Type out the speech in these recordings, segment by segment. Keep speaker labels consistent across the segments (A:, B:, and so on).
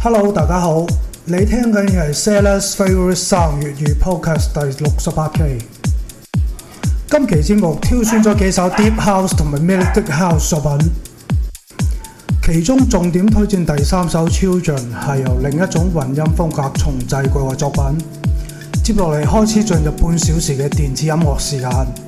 A: Hello，大家好，你聽緊嘅係 Sellers' Favorite Song 粵語 Podcast 第六十八期。今期節目挑選咗幾首 Deep House 同埋 Melodic House 作品，其中重點推薦第三首 Children》，係由另一種混音風格重製過嘅作品。接落嚟開始進入半小時嘅電子音樂時間。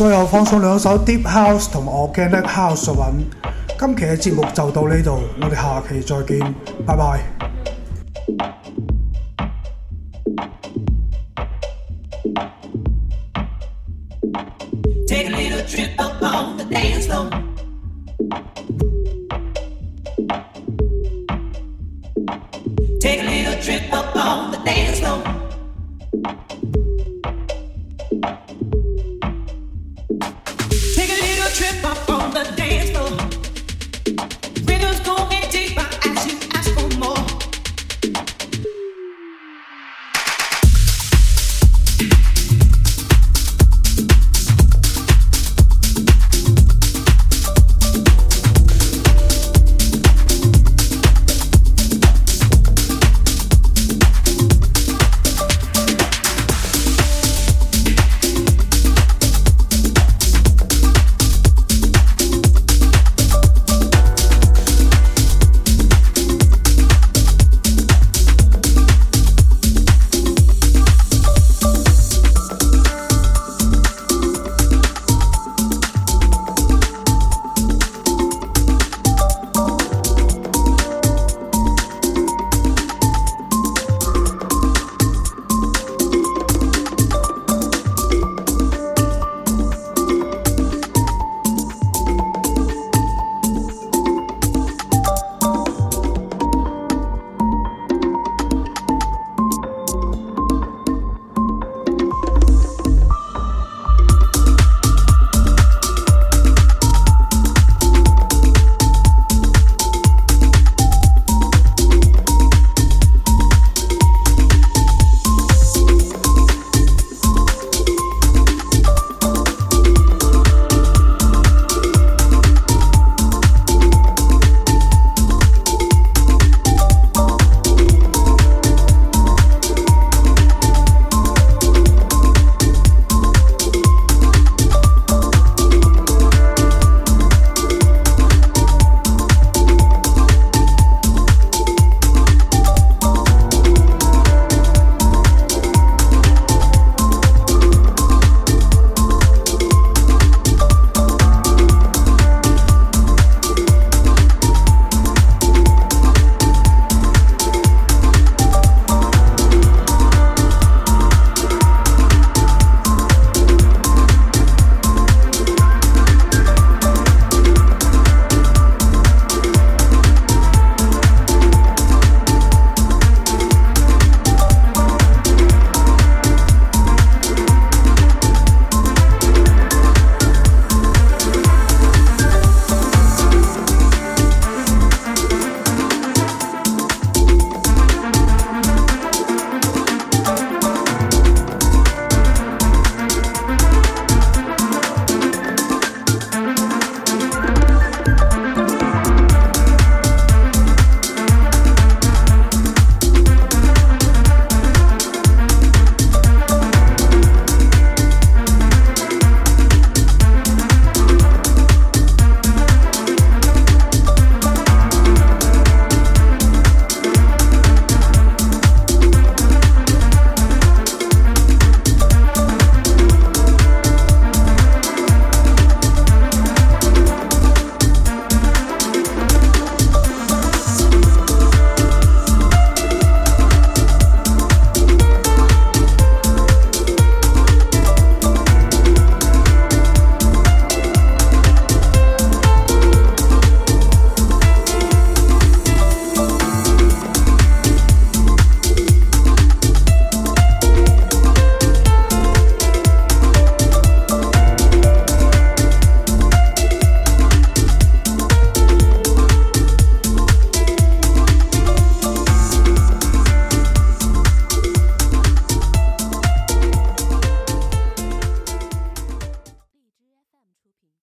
A: 最後放送兩首 Deep House 同埋 Organic House 作品。今期嘅節目就到呢度，我哋下期再見，拜拜。